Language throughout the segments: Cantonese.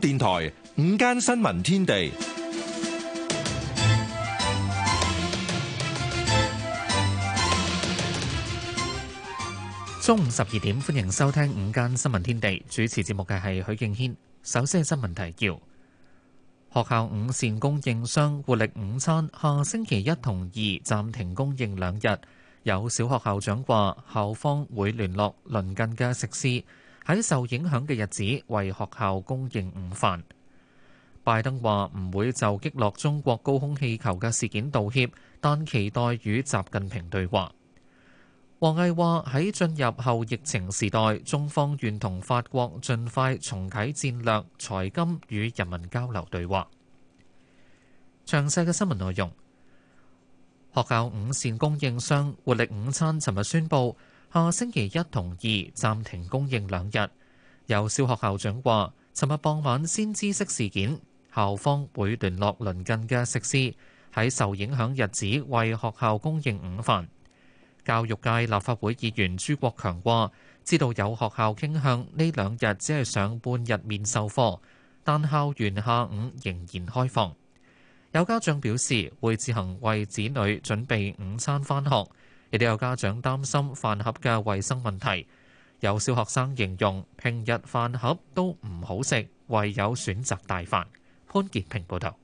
電台午間新聞天地，中午十二點，歡迎收聽午間新聞天地。主持節目嘅係許敬軒。首先係新聞提要：學校午膳供應商活力午餐下星期一、同二暫停供應兩日。有小學校長話，校方會聯絡鄰近嘅食肆。喺受影響嘅日子，為學校供應午飯。拜登話唔會就擊落中國高空氣球嘅事件道歉，但期待與習近平對話。王毅話，喺進入後疫情時代，中方願同法國盡快重啟戰略、財金與人民交流對話。詳細嘅新聞內容，學校午膳供應商活力午餐，尋日宣布，下星期一同二暫停供應兩日。有小學校長話，尋日傍晚先知悉事件，校方會聯絡鄰近嘅食肆，喺受影響日子為學校供應午飯。教育界立法會議員朱國強話，知道有學校傾向呢兩日只係上半日面授課，但校園下午仍然開放。有家長表示會自行為子女準備午餐返學。亦都有家長擔心飯盒嘅衛生問題，有小學生形容平日飯盒都唔好食，唯有選擇帶飯。潘潔平報道，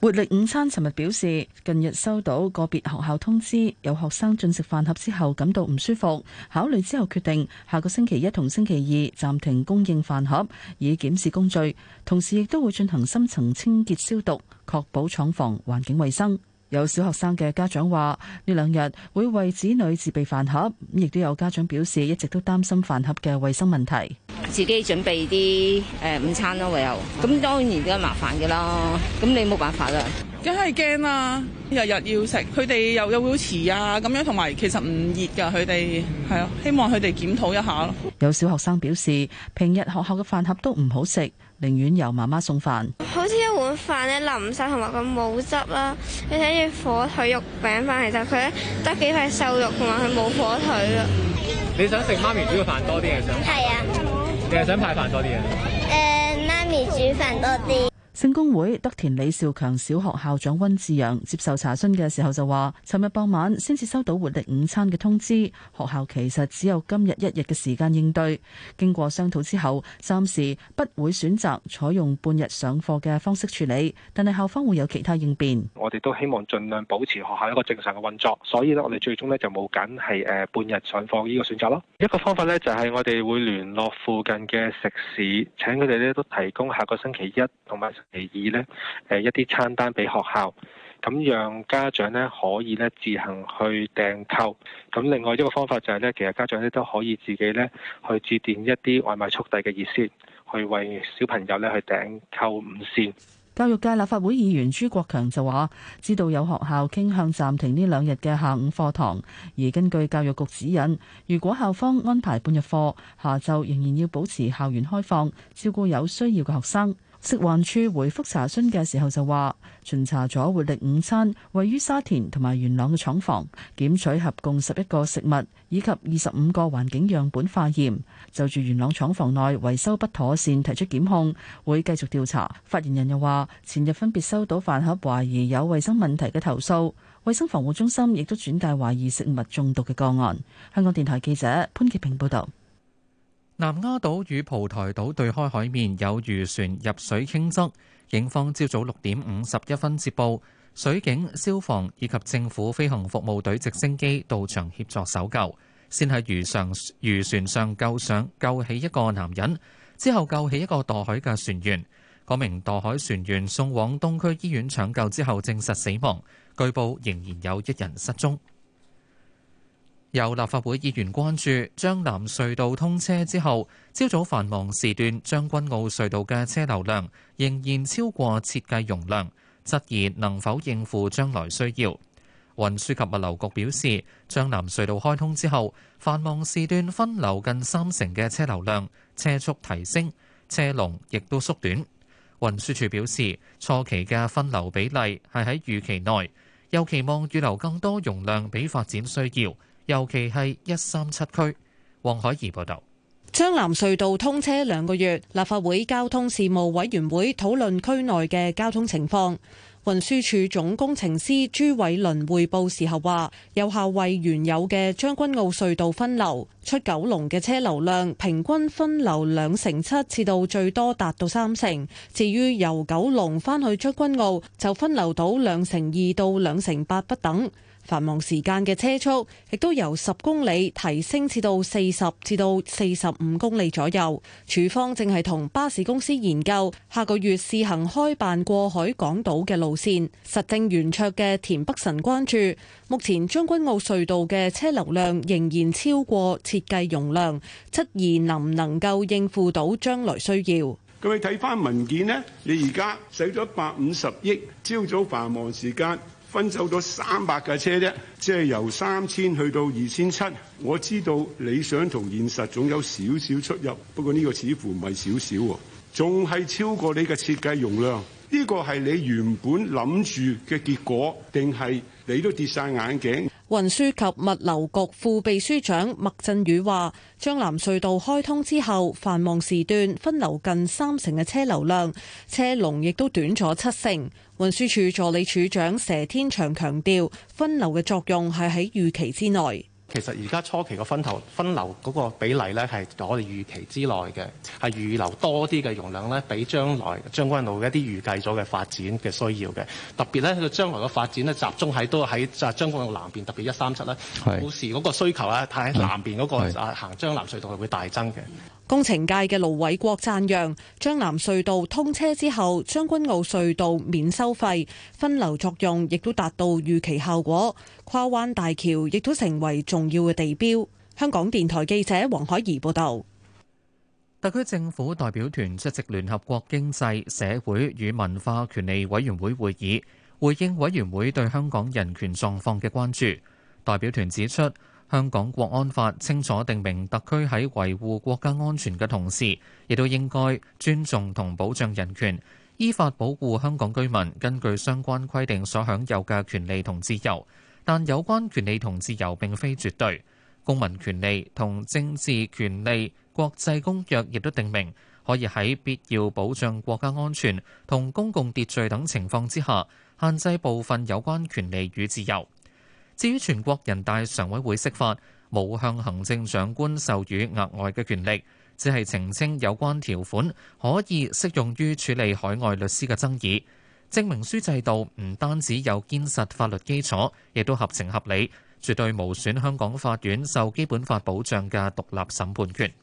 活力午餐尋日表示，近日收到個別學校通知，有學生進食飯盒之後感到唔舒服，考慮之後決定下個星期一同星期二暫停供應飯盒，以檢視工序，同時亦都會進行深層清潔消毒，確保廠房環境衛生。有小學生嘅家長話：呢兩日會為子女自備飯盒，咁亦都有家長表示一直都擔心飯盒嘅衛生問題，自己準備啲誒午餐咯，唯有咁當然都係麻煩㗎啦，咁你冇辦法啦，梗係驚呀。日日要食，佢哋又有會遲啊咁樣，同埋其實唔熱噶，佢哋係啊，希望佢哋檢討一下咯。有小學生表示，平日學校嘅飯盒都唔好食，寧願由媽媽送飯。好似一碗飯咧腍曬同埋個冇汁啦。你睇住火腿肉餅飯，其實佢咧得幾塊瘦肉同埋佢冇火腿啊。你想食媽咪煮嘅飯多啲定係想？係啊。你係想派飯多啲啊？誒，媽咪煮飯多啲。聖公會德田李兆強小學校長溫志陽接受查詢嘅時候就話：尋日傍晚先至收到活力午餐嘅通知，學校其實只有今日一日嘅時間應對。經過商討之後，暫時不會選擇採用半日上課嘅方式處理，但係校方會有其他應變。我哋都希望盡量保持學校一個正常嘅運作，所以呢，我哋最終呢就冇緊係誒半日上課呢個選擇咯。一個方法呢，就係我哋會聯絡附近嘅食肆，請佢哋呢都提供下個星期一，同埋。其二咧，誒，一啲餐單俾學校，咁讓家長咧，可以咧自行去訂購。咁另外一個方法就係咧，其實家長咧都可以自己咧去致電一啲外賣速遞嘅熱線，去為小朋友咧去訂購午膳。教育界立法會議員朱國強就話，知道有學校傾向暫停呢兩日嘅下午課堂，而根據教育局指引，如果校方安排半日課，下晝仍然要保持校園開放，照顧有需要嘅學生。食環署回覆查詢嘅時候就話，巡查咗活力午餐位於沙田同埋元朗嘅廠房，檢取合共十一個食物以及二十五個環境樣本化驗。就住元朗廠房內維修不妥善，提出檢控，會繼續調查。發言人又話，前日分別收到飯盒懷疑有衛生問題嘅投訴，衛生防護中心亦都轉介懷疑食物中毒嘅個案。香港電台記者潘潔平報道。南丫島與蒲台島對開海面有漁船入水傾側，警方朝早六點五十一分接報，水警、消防以及政府飛行服務隊直升機到場協助搜救，先喺漁上漁船上救上救起一個男人，之後救起一個墮海嘅船員，嗰名墮海船員送往東區醫院搶救之後證實死亡，據報仍然有一人失蹤。有立法會議員關注，將藍隧道通車之後，朝早繁忙時段將軍澳隧道嘅車流量仍然超過設計容量，質疑能否應付將來需要。運輸及物流局表示，將藍隧道開通之後，繁忙時段分流近三成嘅車流量，車速提升，車龍亦都縮短。運輸署表示，初期嘅分流比例係喺預期內，又期望預留更多容量俾發展需要。尤其係一三七區，黃海怡報導。將藍隧道通車兩個月，立法會交通事務委員會討論區內嘅交通情況。運輸署總工程師朱偉倫匯報時候話：有效為原有嘅將軍澳隧道分流出九龍嘅車流量，平均分流兩成七，至到最多達到三成。至於由九龍翻去將軍澳，就分流到兩成二到兩成八不等。繁忙時間嘅車速亦都由十公里提升至到四十至到四十五公里左右。署方正係同巴士公司研究下個月試行開辦過海港島嘅路線。實證圓桌嘅田北辰關注，目前將軍澳隧道嘅車流量仍然超過設計容量，質疑能唔能夠應付到將來需要。咁你睇翻文件呢？你而家使咗一百五十億，朝早繁忙時間，分走咗三百架車啫，即係由三千去到二千七。我知道理想同現實總有少少出入，不過呢個似乎唔係少少喎，仲係超過你嘅設計容量。呢個係你原本諗住嘅結果，定係你都跌晒眼鏡？運輸及物流局副秘書長麥振宇話：將南隧道開通之後，繁忙時段分流近三成嘅車流量，車龍亦都短咗七成。運輸署助理署長佘天祥強調，分流嘅作用係喺預期之內。其實而家初期個分頭分流嗰個比例咧係我哋預期之內嘅，係預留多啲嘅容量咧，俾將來將軍澳一啲預計咗嘅發展嘅需要嘅。特別咧佢個將來嘅發展咧，集中喺都喺將軍澳南邊，特別一三七咧，到時嗰個需求咧，喺南邊嗰個行將南隧道係會大增嘅。工程界嘅盧偉國讚揚，將南隧道通車之後，將軍澳隧道免收費，分流作用亦都達到預期效果。跨灣大橋亦都成為重要嘅地標。香港電台記者黃海怡報道。特區政府代表團出席聯合國經濟社會與文化權利委員會會議，回應委員會對香港人權狀況嘅關注。代表團指出，香港國安法清楚定明，特區喺維護國家安全嘅同時，亦都應該尊重同保障人權，依法保護香港居民根據相關規定所享有嘅權利同自由。但有關權利同自由並非絕對，公民權利同政治權利，國際公約亦都定明，可以喺必要保障國家安全同公共秩序等情況之下，限制部分有關權利與自由。至於全國人大常委會釋法，冇向行政長官授予額外嘅權力，只係澄清有關條款可以適用於處理海外律師嘅爭議。證明書制度唔單止有堅實法律基礎，亦都合情合理，絕對無損香港法院受基本法保障嘅獨立審判權。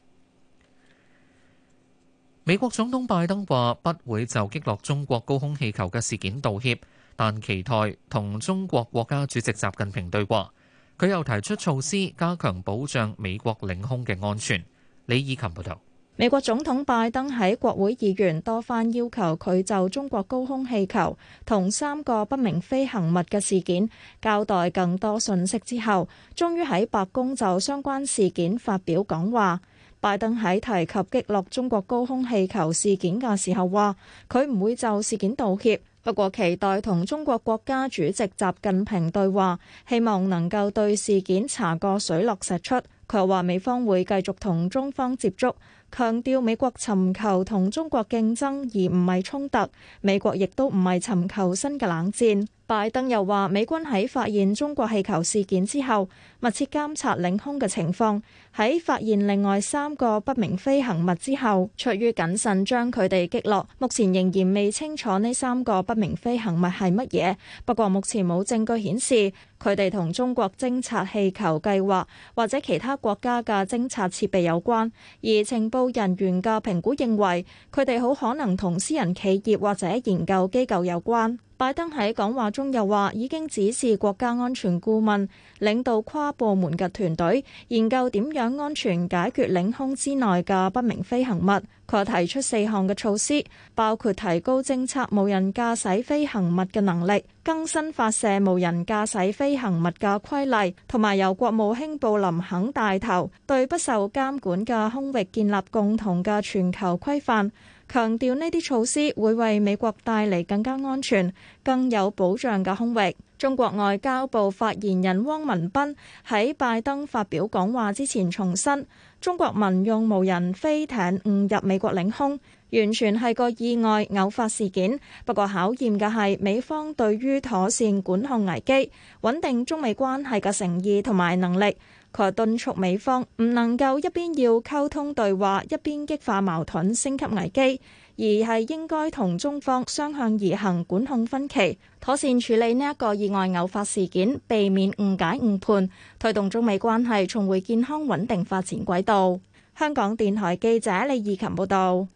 美國總統拜登話，不會就擊落中國高空氣球嘅事件道歉。但期待同中國國家主席習近平對話，佢又提出措施加強保障美國領空嘅安全。李以琴報道，美國總統拜登喺國會議員多番要求佢就中國高空氣球同三個不明飛行物嘅事件交代更多信息之後，終於喺白宮就相關事件發表講話。拜登喺提及擊落中國高空氣球事件嘅時候話，佢唔會就事件道歉。不過，期待同中國國家主席習近平對話，希望能夠對事件查個水落石出。佢又話，美方會繼續同中方接觸，強調美國尋求同中國競爭而唔係衝突，美國亦都唔係尋求新嘅冷戰。拜登又話：美軍喺發現中國氣球事件之後，密切監察領空嘅情況。喺發現另外三個不明飛行物之後，出於謹慎將佢哋擊落。目前仍然未清楚呢三個不明飛行物係乜嘢，不過目前冇證據顯示佢哋同中國偵察氣球計劃或者其他國家嘅偵察設備有關。而情報人員嘅評估認為，佢哋好可能同私人企業或者研究機構有關。拜登喺講話中又話，已經指示國家安全顧問領導跨部門嘅團隊，研究點樣安全解決領空之內嘅不明飛行物。佢提出四項嘅措施，包括提高偵測無人駕駛飛行物嘅能力，更新發射無人駕駛飛行物嘅規例，同埋由國務卿布林肯帶頭，對不受監管嘅空域建立共同嘅全球規範。強調呢啲措施會為美國帶嚟更加安全、更有保障嘅空域。中國外交部發言人汪文斌喺拜登發表講話之前重申，中國民用無人飛艇誤入美國領空，完全係個意外偶發事件。不過考驗嘅係美方對於妥善管控危機、穩定中美關係嘅誠意同埋能力。佢敦促美方唔能夠一邊要溝通對話，一邊激化矛盾，升級危機，而係應該同中方雙向而行，管控分歧，妥善處理呢一個意外偶發事件，避免誤解誤判，推動中美關係重回健康穩定發展軌道。香港電台記者李義琴報道。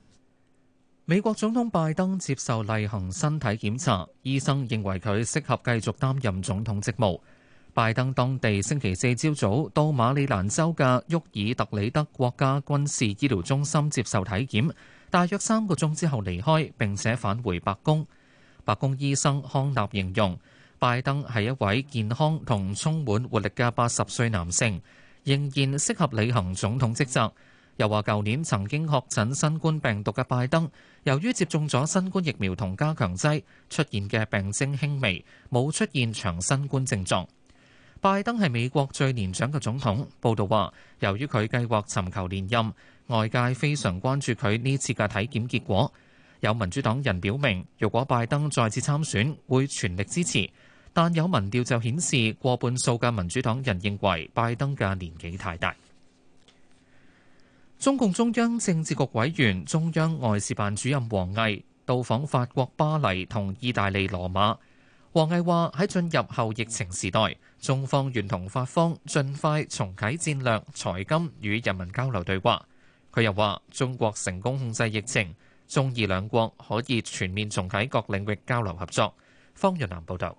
美國總統拜登接受例行身體檢查，醫生認為，佢適合繼續擔任總統職務。拜登當地星期四朝早到馬里蘭州嘅沃爾特里德國家軍事醫療中心接受體檢，大約三個鐘之後離開，並且返回白宮。白宮醫生康納形容拜登係一位健康同充滿活力嘅八十歲男性，仍然適合履行總統職責。又話，舊年曾經確診新冠病毒嘅拜登，由於接種咗新冠疫苗同加強劑，出現嘅病徵輕微，冇出現長新冠症狀。拜登係美國最年長嘅總統。報道話，由於佢計劃尋求連任，外界非常關注佢呢次嘅體檢結果。有民主黨人表明，如果拜登再次參選，會全力支持。但有民調就顯示，過半數嘅民主黨人認為拜登嘅年紀太大。中共中央政治局委員、中央外事辦主任王毅到訪法國巴黎同意大利羅馬。王毅話：喺進入後疫情時代，中方願同法方盡快重啟戰略、財金與人民交流對話。佢又話：中國成功控制疫情，中意兩國可以全面重啟各領域交流合作。方若南報導。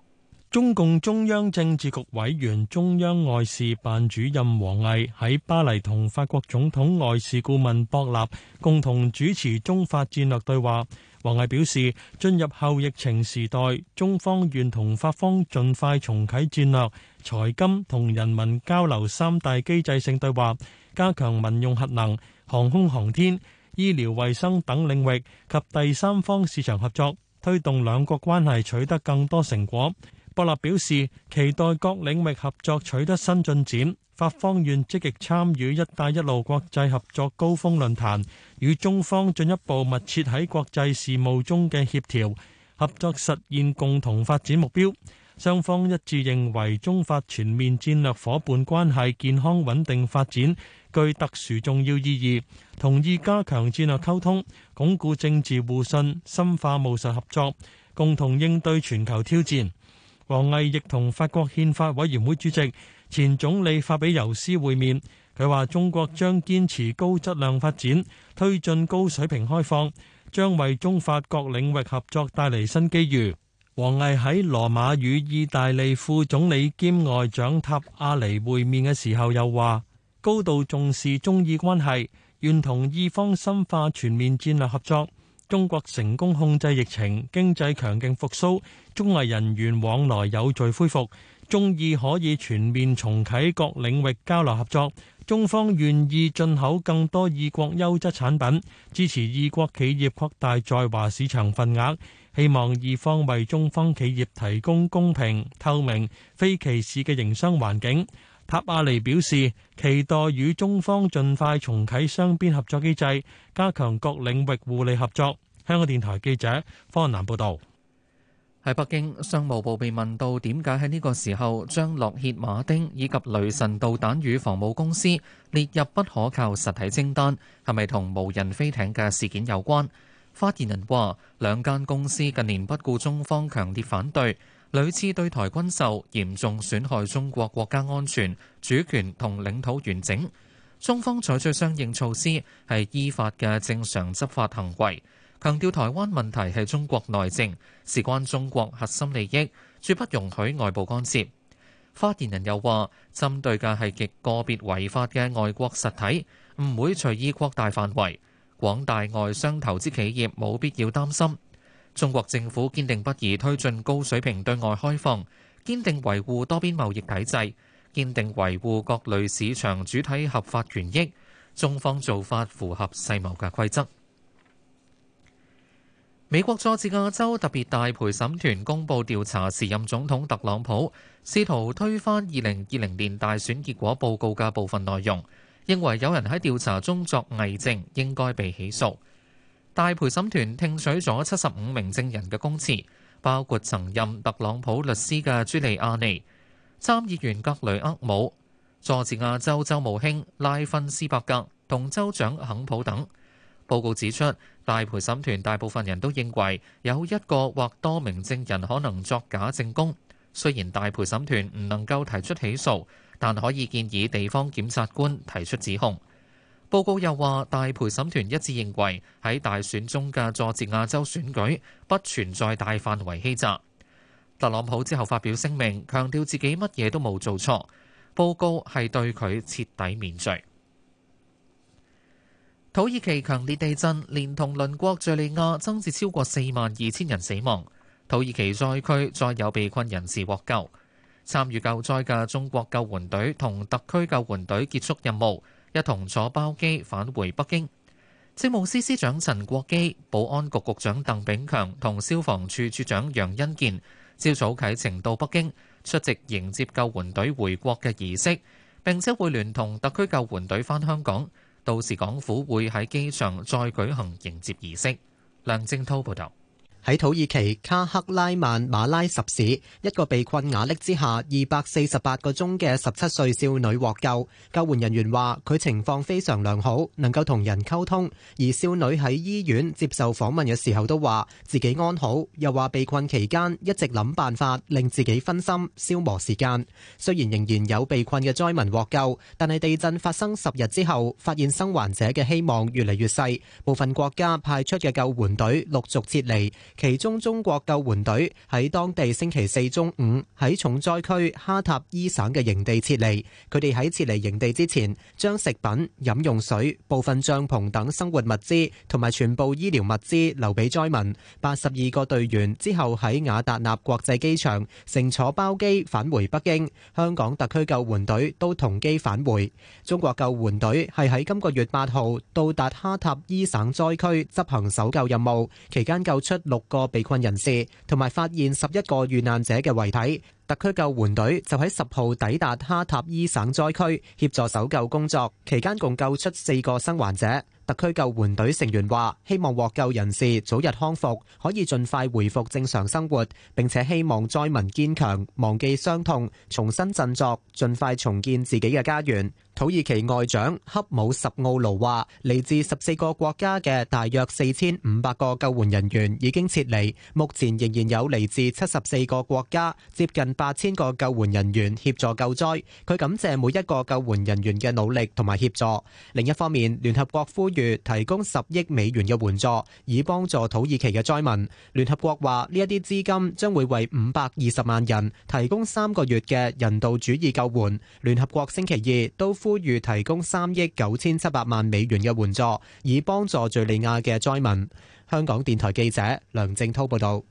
中共中央政治局委員、中央外事辦主任王毅喺巴黎同法國總統外事顧問博納共同主持中法戰略對話。王毅表示，進入後疫情時代，中方願同法方盡快重啟戰略、財金同人民交流三大機制性對話，加強民用核能、航空航天、醫療衛生等領域及第三方市場合作，推動兩國關係取得更多成果。博立表示，期待各領域合作取得新進展。法方願積極參與「一帶一路」國際合作高峰論壇，與中方進一步密切喺國際事務中嘅協調合作，實現共同發展目標。雙方一致認為中法全面戰略夥伴關係健康穩定發展具特殊重要意義，同意加強戰略溝通，鞏固政治互信，深化務實合作，共同應對全球挑戰。王毅亦同法國憲法委員會主席、前總理法比尤斯會面，佢話中國將堅持高質量發展，推進高水平開放，將為中法各領域合作帶嚟新機遇。王毅喺羅馬與意大利副總理兼外長塔阿尼會面嘅時候又話，高度重視中意關係，願同意方深化全面戰略合作。中國成功控制疫情，經濟強勁復甦，中意人員往來有序恢復，中意可以全面重啟各領域交流合作。中方願意進口更多意國優質產品，支持意國企業擴大在華市場份額，希望意方為中方企業提供公平、透明、非歧視嘅營商環境。塔亞尼表示，期待與中方盡快重啟雙邊合作機制，加強各領域互利合作。香港電台記者方南報道，喺北京，商務部被問到點解喺呢個時候將洛歇馬丁以及雷神導彈與防務公司列入不可靠實體清單，係咪同無人飛艇嘅事件有關？發言人話：兩間公司近年不顧中方強烈反對。屢次對台軍售，嚴重損害中國國家安全、主權同領土完整，中方採取相應措施係依法嘅正常執法行為。強調台灣問題係中國內政，事關中國核心利益，絕不容許外部干涉。發言人又話：針對嘅係極個別違法嘅外國實體，唔會隨意擴大範圍。廣大外商投資企業冇必要擔心。中國政府堅定不移推進高水平對外開放，堅定維護多邊貿易體制，堅定維護各類市場主體合法權益。中方做法符合世貿嘅規則。美國佐治亞州特別大陪審團公布調查時任總統特朗普，試圖推翻二零二零年大選結果報告嘅部分內容，認為有人喺調查中作偽證，應該被起訴。大陪審團聽取咗七十五名證人嘅供詞，包括曾任特朗普律師嘅朱利亞尼、參議員格雷厄姆、佐治亞州州務卿拉芬斯伯格同州長肯普等。報告指出，大陪審團大部分人都認為有一個或多名證人可能作假證供。雖然大陪審團唔能夠提出起訴，但可以建議地方檢察官提出指控。報告又話，大陪審團一致認為，喺大選中嘅佐治亞州選舉不存在大範圍欺詐。特朗普之後發表聲明，強調自己乜嘢都冇做錯，報告係對佢徹底免罪。土耳其強烈地震連同鄰國敘利亞增至超過四萬二千人死亡。土耳其災區再有被困人士獲救，參與救災嘅中國救援隊同特區救援隊結束任務。一同坐包機返回北京。政務司司長陳國基、保安局局長鄧炳強同消防處處長楊恩健朝早啟程到北京出席迎接救援隊回國嘅儀式，並且會聯同特區救援隊返香港。到時港府會喺機場再舉行迎接儀式。梁正濤報道。喺土耳其卡克拉曼馬拉什市，一個被困瓦礫之下二百四十八個鐘嘅十七歲少女獲救。救援人員話，佢情況非常良好，能夠同人溝通。而少女喺醫院接受訪問嘅時候都話自己安好，又話被困期間一直諗辦法令自己分心消磨時間，雖然仍然有被困嘅災民獲救，但係地震發生十日之後發現生還者嘅希望越嚟越細，部分國家派出嘅救援隊陸續撤離。其中中國救援隊喺當地星期四中午喺重災區哈塔伊省嘅營地撤離，佢哋喺撤離營地之前，將食品、飲用水、部分帳篷等生活物資同埋全部醫療物資留俾災民。八十二個隊員之後喺雅達納國際機場乘坐包機返回北京，香港特區救援隊都同機返回。中國救援隊係喺今個月八號到達哈塔伊省災區執行搜救任務，期間救出六個被困人士同埋發現十一個遇難者嘅遺體，特區救援隊就喺十號抵達哈塔伊省災區協助搜救工作，期間共救出四個生還者。特區救援隊成員話：希望獲救人士早日康復，可以盡快回復正常生活，並且希望災民堅強，忘記傷痛，重新振作，盡快重建自己嘅家園。土耳其外長克姆什奧盧話：嚟自十四個國家嘅大約四千五百個救援人員已經撤離，目前仍然有嚟自七十四個國家、接近八千個救援人員協助救災。佢感謝每一個救援人員嘅努力同埋協助。另一方面，聯合國呼籲提供十億美元嘅援助，以幫助土耳其嘅災民。聯合國話呢一啲資金將會為五百二十萬人提供三個月嘅人道主義救援。聯合國星期二都。呼籲提供三億九千七百萬美元嘅援助，以幫助敘利亞嘅災民。香港電台記者梁正濤報道。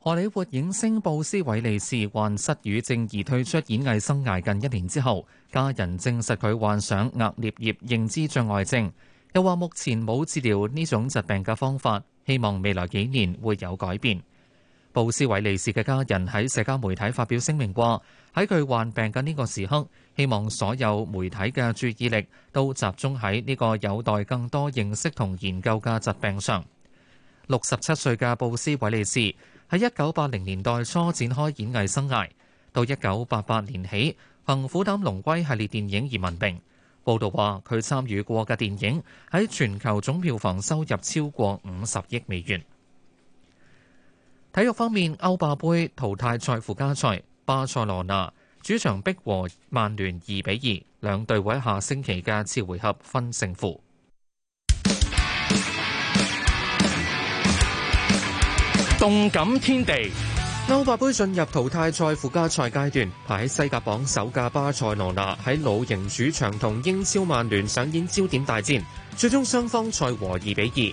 荷里活影星布斯韋利士患失語症而退出演藝生涯近一年之後，家人證實佢患上額顳葉認知障礙症，又話目前冇治療呢種疾病嘅方法，希望未來幾年會有改變。布斯韋利斯嘅家人喺社交媒體發表聲明話：喺佢患病嘅呢個時刻，希望所有媒體嘅注意力都集中喺呢個有待更多認識同研究嘅疾病上。六十七歲嘅布斯韋利斯喺一九八零年代初展開演藝生涯，到一九八八年起憑《虎膽龍威》系列電影而聞名。報道話佢參與過嘅電影喺全球總票房收入超過五十億美元。體育方面，歐霸盃淘汰賽附加賽，巴塞羅那主場逼和曼聯二比二，兩隊會喺下星期嘅次回合分勝負。動感天地，歐霸盃進入淘汰賽附加賽階段，排喺西甲榜首嘅巴塞羅那喺老營主場同英超曼聯上演焦點大戰，最終雙方賽和二比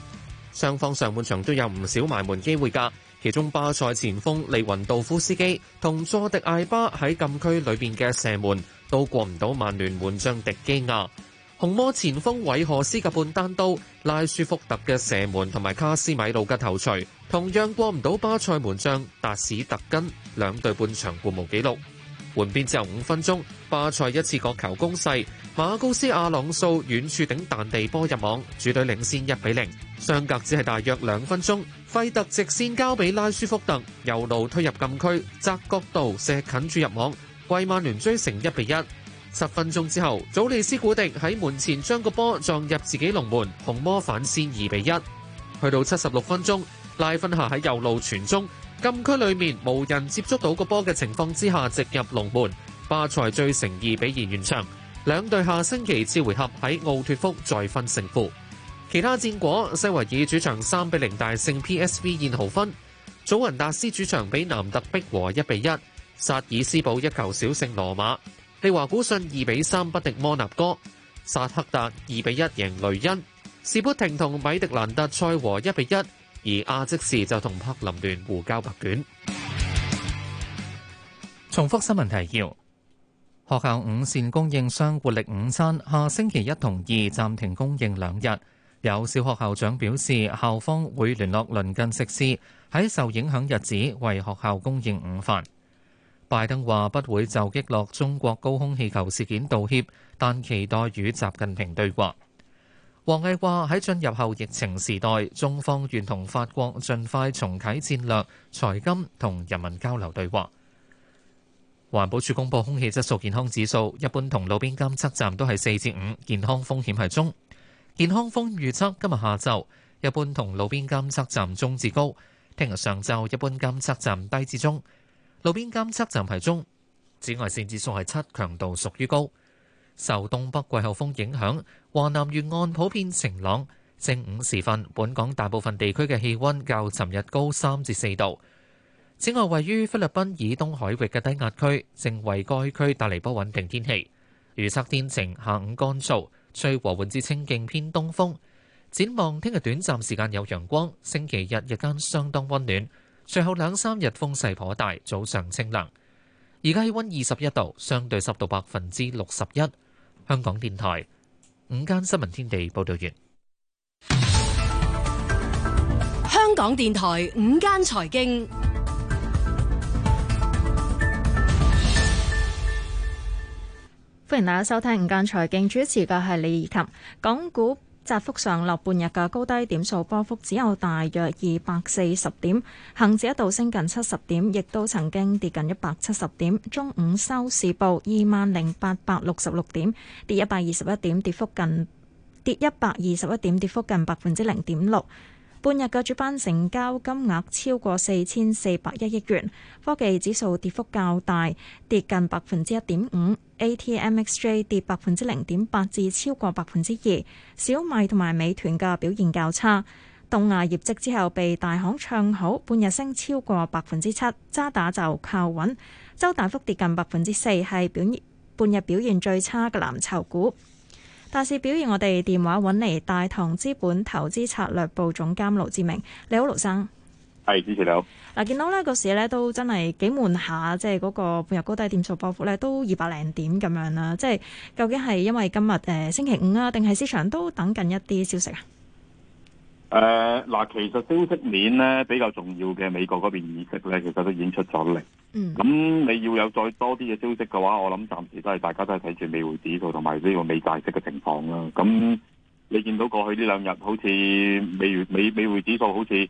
二，雙方上半場都有唔少埋門機會噶。其中巴塞前鋒利雲道夫斯基同佐迪艾巴喺禁區裏邊嘅射門都過唔到曼聯門將迪基亞，紅魔前鋒韋何斯嘅半單刀、拉舒福特嘅射門同埋卡斯米魯嘅頭錘同樣過唔到巴塞門將達史特根，兩隊半場互無紀錄。換邊之後五分鐘，巴塞一次角球攻勢，馬高斯阿朗素遠處頂彈地波入網，主隊領先一比零。相隔只係大約兩分鐘，費特直線交俾拉舒福特右路推入禁區，窄角度射近住入網，為曼聯追成一比一。十分鐘之後，祖利斯古迪喺門前將個波撞入自己龍門，紅魔反先二比一。去到七十六分鐘，拉芬夏喺右路傳中，禁區裏面無人接觸到個波嘅情況之下，直入龍門，巴塞追成二比二完場。兩隊下星期次回合喺奧脱福再分勝負。其他戰果：西維爾主場三比零大勝 PSV 燕豪分；祖雲達斯主場比南特逼和一比一；1, 薩爾斯堡一球小勝羅馬；利華古遜二比三不敵摩納哥；薩克達二比一贏雷恩；士砵亭同米迪蘭特賽和一比一；1, 而亞積士就同柏林聯互交白卷。重複新聞提要。學校午膳供應商活力午餐下星期一同二暫停供應兩日。有小學校長表示，校方會聯絡鄰近食肆喺受影響日子為學校供應午飯。拜登話不會就擊落中國高空氣球事件道歉，但期待與習近平對話。王毅話喺進入後疫情時代，中方願同法國盡快重啟戰略、財金同人民交流對話。環保署公布空氣質素健康指數，一般同路邊監測站都係四至五，健康風險係中。健康風預測今日下晝一般同路邊監測站中至高，聽日上晝一般監測站低至中，路邊監測站係中。紫外線指數係七，強度屬於高。受東北季候風影響，華南沿岸普遍晴朗，正午時分本港大部分地區嘅氣温較尋日高三至四度。此外，位於菲律賓以東海域嘅低壓區，正為該區帶嚟不穩定天氣。預測天晴，下午乾燥，吹和緩至清勁偏東風。展望聽日短暫時間有陽光，星期日日間相當温暖，隨後兩三日風勢頗大，早上清涼。而家氣温二十一度，相對濕度百分之六十一。香港電台午間新聞天地報導完。香港電台午間財經。歡迎大家收聽《午間財經》，主持嘅係李怡琴。以及港股窄幅上落半日嘅高低點數波幅只有大約二百四十點，恒指一度升近七十點，亦都曾經跌近一百七十點。中午收市報二萬零八百六十六點，跌一百二十一點，跌幅近跌一百二十一點，跌幅近百分之零點六。半日嘅主板成交金額超過四千四百一億元，科技指數跌幅較大，跌近百分之一點五，ATMXJ 跌百分之零點八至超過百分之二，小米同埋美團嘅表現較差，東亞業績之後被大行唱好，半日升超過百分之七，渣打就靠穩，周大幅跌近百分之四，係表現半日表現最差嘅藍籌股。大市表現，我哋電話揾嚟，大堂資本投資策略部總監盧志明，你好，盧生，係主持你好。嗱，見到呢個市呢，都真係幾悶下，即係嗰個半日高低點數波幅呢，都二百零點咁樣啦。即係究竟係因為今日誒、呃、星期五啊，定係市場都等緊一啲消息啊？誒，嗱，呃，其實消息面咧，比較重要嘅。美國嗰邊議息咧其實都已經出咗嚟。嗯。咁你要有再多啲嘅消息嘅話，我諗暫時都係大家都係睇住美匯指數同埋呢個美債息嘅情況啦、啊。咁、嗯、你見到過去呢兩日好似美美美匯指數好似又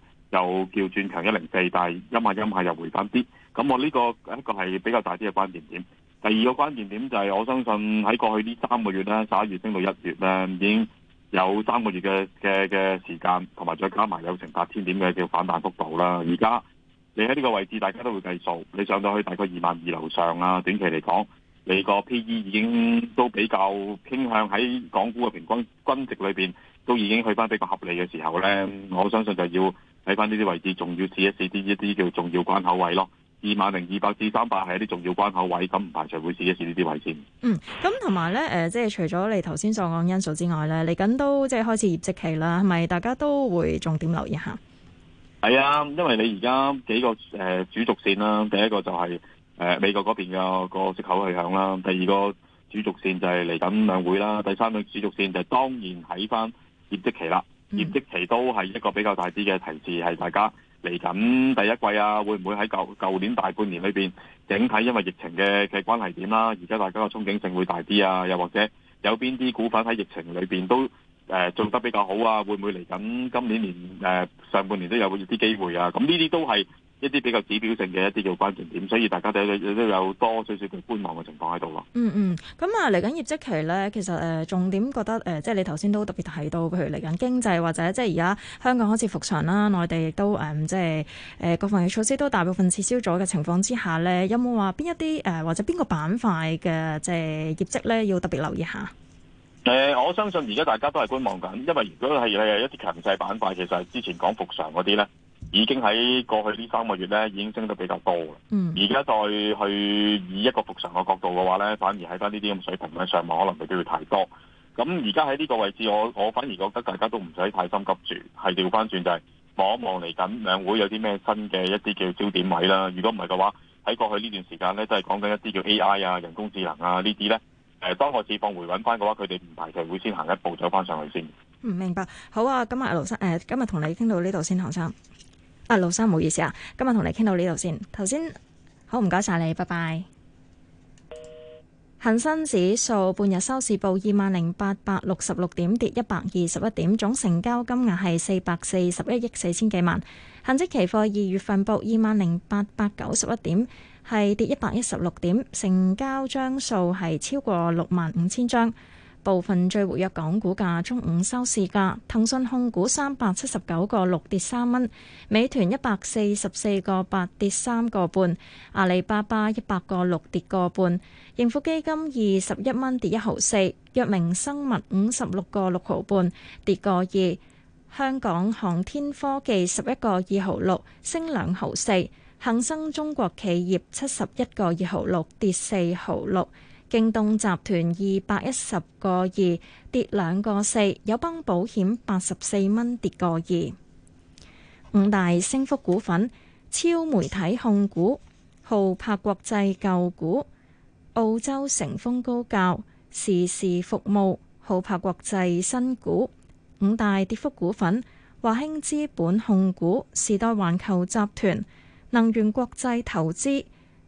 叫轉強一零四，但係陰下陰下又回翻啲。咁我呢個一個係比較大啲嘅關鍵點。第二個關鍵點就係、是、我相信喺過去呢三個月啦，十一月升到一月啦已經。有三個月嘅嘅嘅時間，同埋再加埋有成八千點嘅叫反彈幅度啦。而家你喺呢個位置，大家都會計數。你上到去大概二萬二樓上啦，短期嚟講，你個 PE 已經都比較傾向喺港股嘅平均均值裏邊，都已經去翻比較合理嘅時候呢、嗯。我相信就要睇翻呢啲位置，仲要試一試啲一啲叫重要關口位咯。二萬零二百至三百係一啲重要關口位，咁唔排除會試一試呢啲位先。嗯，咁同埋咧，誒、呃，即係除咗你頭先所講因素之外咧，嚟緊都即係開始業績期啦，係咪大家都會重點留意下？係啊，因為你而家幾個誒、呃、主軸線啦、啊，第一個就係、是、誒、呃、美國嗰邊嘅、那個息口去向啦，第二個主軸線就係嚟緊兩會啦，嗯、第三個主軸線就係當然喺翻業績期啦，嗯、業績期都係一個比較大啲嘅提示，係大家。嚟緊第一季啊，會唔會喺舊舊年大半年裏邊，整體因為疫情嘅嘅關係點啦、啊？而家大家嘅憧憬性會大啲啊，又或者有邊啲股份喺疫情裏邊都誒、呃、做得比較好啊？會唔會嚟緊今年年誒、呃、上半年都有啲機會啊？咁呢啲都係一啲比較指標性嘅一啲叫關鍵點，所以大家都有多少少嘅觀望嘅情況喺度咯。嗯嗯，咁啊嚟緊業績期咧，其實誒、呃、重點覺得誒、呃，即係你頭先都特別提到，譬如嚟緊經濟或者即係而家香港開始復常啦，內地亦都誒，即係誒各防疫措施都大部分撤銷咗嘅情況之下咧，有冇話邊一啲誒、呃、或者邊個板塊嘅即係業績咧要特別留意下？誒、呃，我相信而家大家都係觀望緊，因為如果係一啲強勢板塊，其實係之前講復常嗰啲咧。已經喺過去呢三個月咧，已經升得比較多。嗯，而家再去以一個復常嘅角度嘅話咧，反而喺翻呢啲咁水平咧，上望可能未必會太多。咁而家喺呢個位置，我我反而覺得大家都唔使太心急住，係調翻轉就係、是、望一望嚟緊兩會有啲咩新嘅一啲叫焦點位啦。如果唔係嘅話，喺過去呢段時間咧，都係講緊一啲叫 A. I. 啊、人工智能啊呢啲咧。誒、呃，當個市況回穩翻嘅話，佢哋唔排除會先行一步走翻上去先。唔明白好啊。咁啊，盧生誒，今日同你傾到呢度先，盧生。啊，老生，唔好意思啊，今日同你傾到呢度先。頭先好，唔該晒你，拜拜。恒生指數半日收市報二萬零八百六十六點，跌一百二十一點，總成交金額係四百四十一億四千幾萬。恒指期貨二月份報二萬零八百九十一點，係跌一百一十六點，成交張數係超過六萬五千張。部分最活躍港股價中午收市價，騰訊控股三百七十九個六跌三蚊，美團一百四十四個八跌三個半，阿里巴巴一百個六跌個半，盈富基金二十一蚊跌一毫四，藥明生物五十六個六毫半跌個二，香港航天科技十一個二毫六升兩毫四，恒生中國企業七十一個二毫六跌四毫六。京東集團二百一十個二跌兩個四，友邦保險八十四蚊跌個二。五大升幅股份：超媒體控股、浩柏國際舊股、澳洲成峰高教、時事服務、浩柏國際新股。五大跌幅股份：華興資本控股、時代環球集團、能源國際投資、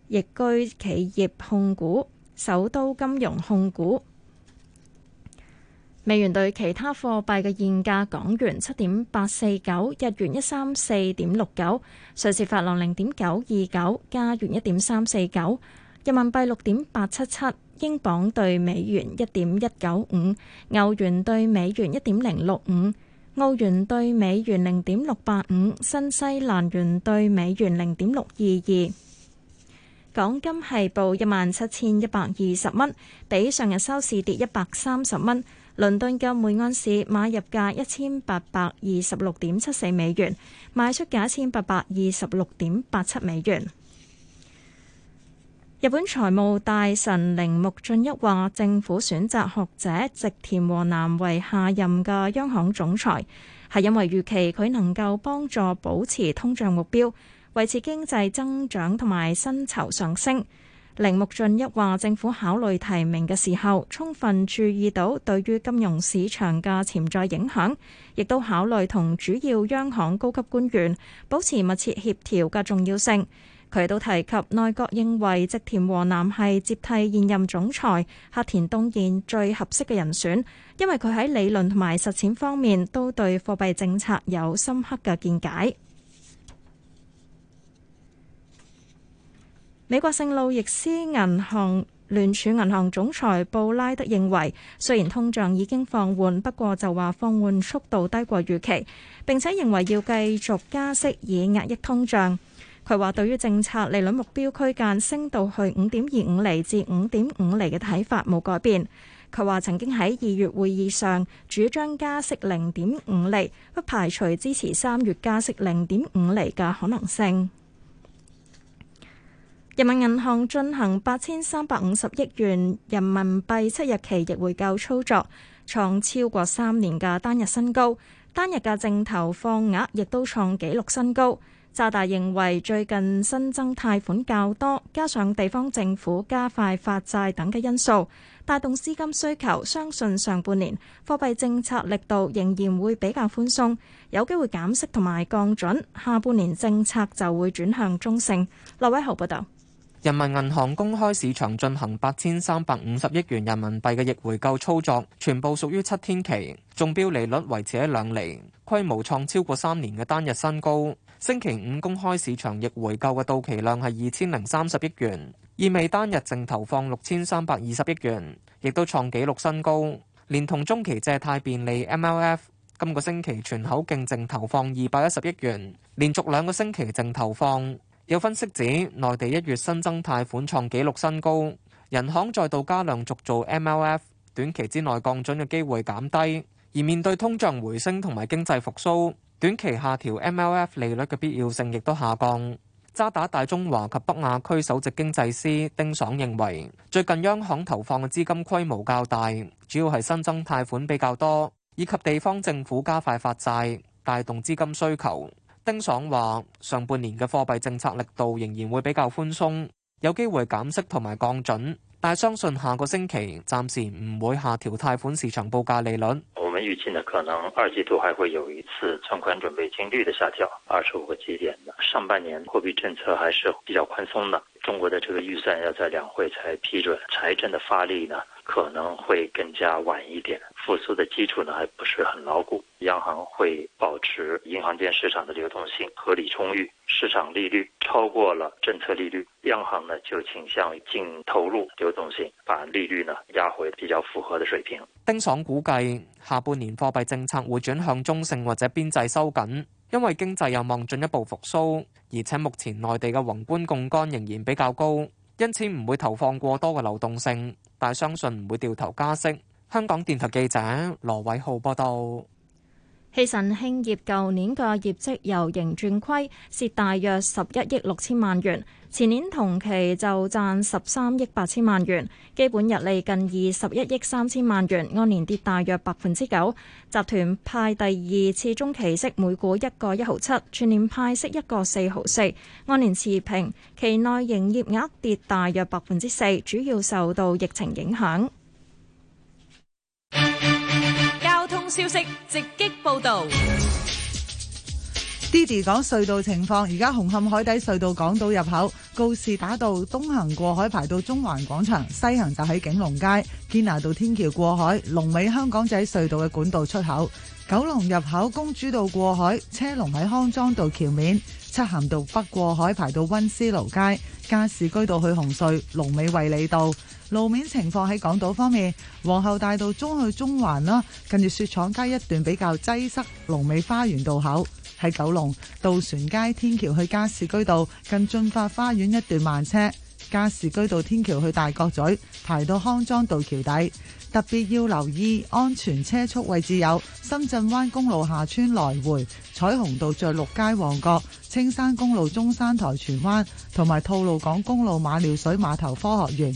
易居企業控股、首都金融控股。美元兌其他貨幣嘅現價：港元七點八四九，日元一三四點六九，瑞士法郎零點九二九，加元一點三四九，人民幣六點八七七，英鎊兌美元一點一九五，歐元兌美元一點零六五，澳元兌美元零點六八五，新西蘭元兌美元零點六二二。港金係報一萬七千一百二十蚊，比上日收市跌一百三十蚊。倫敦嘅每安士買入價一千八百二十六點七四美元，賣出價一千八百二十六點八七美元。日本財務大臣鈴木俊一話，政府選擇學者植田和男為下任嘅央行總裁，係因為預期佢能夠幫助保持通脹目標。維持經濟增長同埋薪酬上升。鈴木俊一話：政府考慮提名嘅時候，充分注意到對於金融市場嘅潛在影響，亦都考慮同主要央行高級官員保持密切協調嘅重要性。佢亦都提及內閣認為植田和男係接替現任總裁黑田東彥最合適嘅人選，因為佢喺理論同埋實踐方面都對貨幣政策有深刻嘅見解。美國聖路易斯銀行聯儲銀行總裁布拉德認為，雖然通脹已經放緩，不過就話放緩速度低過預期，並且認為要繼續加息以壓抑通脹。佢話對於政策利率目標區間升到去五點二五厘至五點五厘嘅睇法冇改變。佢話曾經喺二月會議上主張加息零點五厘，不排除支持三月加息零點五厘嘅可能性。人民銀行進行八千三百五十億元人民幣七日期逆回購操作，創超過三年嘅單日新高。單日嘅淨投放額亦都創紀錄新高。渣打認為，最近新增貸款較多，加上地方政府加快發債等嘅因素，帶動資金需求。相信上半年貨幣政策力度仍然會比較寬鬆，有機會減息同埋降準。下半年政策就會轉向中性。劉偉豪報道。人民銀行公開市場進行八千三百五十億元人民幣嘅逆回購操作，全部屬於七天期，中標利率維持喺兩厘，規模創超過三年嘅單日新高。星期五公開市場逆回購嘅到期量係二千零三十億元，意味單日淨投放六千三百二十億元，亦都創紀錄新高。連同中期借貸便利 MLF，今個星期全口徑淨投放二百一十億元，連續兩個星期淨投放。有分析指，內地一月新增貸款創紀錄新高，人行再度加量續做 MLF，短期之內降準嘅機會減低。而面對通脹回升同埋經濟復蘇，短期下調 MLF 利率嘅必要性亦都下降。渣打大中華及北亞區首席經濟師丁爽認為，最近央行投放嘅資金規模較大，主要係新增貸款比較多，以及地方政府加快發債帶動資金需求。丁爽話，上半年嘅貨幣政策力度仍然會比較寬鬆，有機會減息同埋降準，但係相信下個星期暫時唔會下調貸款市場報價利率。我們預計呢，可能二季度還會有一次存款準備金率的下調，二十五個基點。上半年貨幣政策還是比較寬鬆的。中國的這個預算要在兩會才批准，財政的發力呢？可能會更加晚一點，復蘇的基礎呢，還不是很牢固。央行會保持銀行間市場的流動性合理充裕，市場利率超過了政策利率，央行呢就傾向於淨投入流動性，把利率呢壓回比較符合的水平。丁爽估計下半年貨幣政策會轉向中性或者邊際收緊，因為經濟有望進一步復蘇，而且目前內地嘅宏觀槓桿仍然比較高。因此唔會投放過多嘅流動性，但相信唔會掉頭加息。香港電台記者羅偉浩報道。希慎興業舊年嘅業績由盈轉虧，蝕大約十一億六千萬元，前年同期就賺十三億八千萬元，基本溢利近二十一億三千萬元，按年跌大約百分之九。集團派第二次中期息每股一個一毫七，全年派息一個四毫四，按年持平。期內營業額跌大約百分之四，主要受到疫情影響。消息直擊報道，Didi 講隧道情況，而家紅磡海底隧道港島入口告士打道東行過海排到中環廣場，西行就喺景隆街堅拿道天橋過海，龍尾香港仔隧道嘅管道出口，九龍入口公主道過海車龍喺康莊道橋面，漆咸道北過海排到溫思勞街，加士居道去紅隧龍尾衛理道。路面情況，喺港島方面，皇后大道中去中環囉，近住雪廠街一段比較擠塞，龍尾花園道口，喺九龍渡船街天橋去加士居道，近駿發花園一段慢車，加士居道天橋去大角咀排到康莊道橋底。特別要留意安全車速位置有深圳灣公路下村來回、彩虹道在六街旺角、青山公路中山台荃灣同埋吐露港公路馬料水碼頭科學園。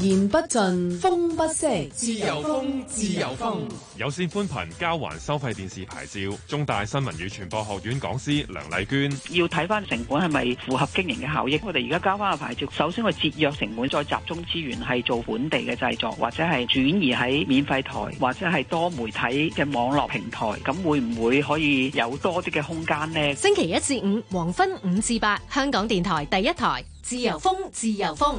言不盡，風不息，自由風，自由風。有線寬頻交還收費電視牌照，中大新聞與傳播學院講師梁麗娟。要睇翻成本係咪符合經營嘅效益？我哋而家交翻個牌照，首先去節約成本，再集中資源係做本地嘅製作，或者係轉移喺免費台，或者係多媒體嘅網絡平台，咁會唔會可以有多啲嘅空間呢？星期一至五，黃昏五至八，香港電台第一台，自由風，自由風。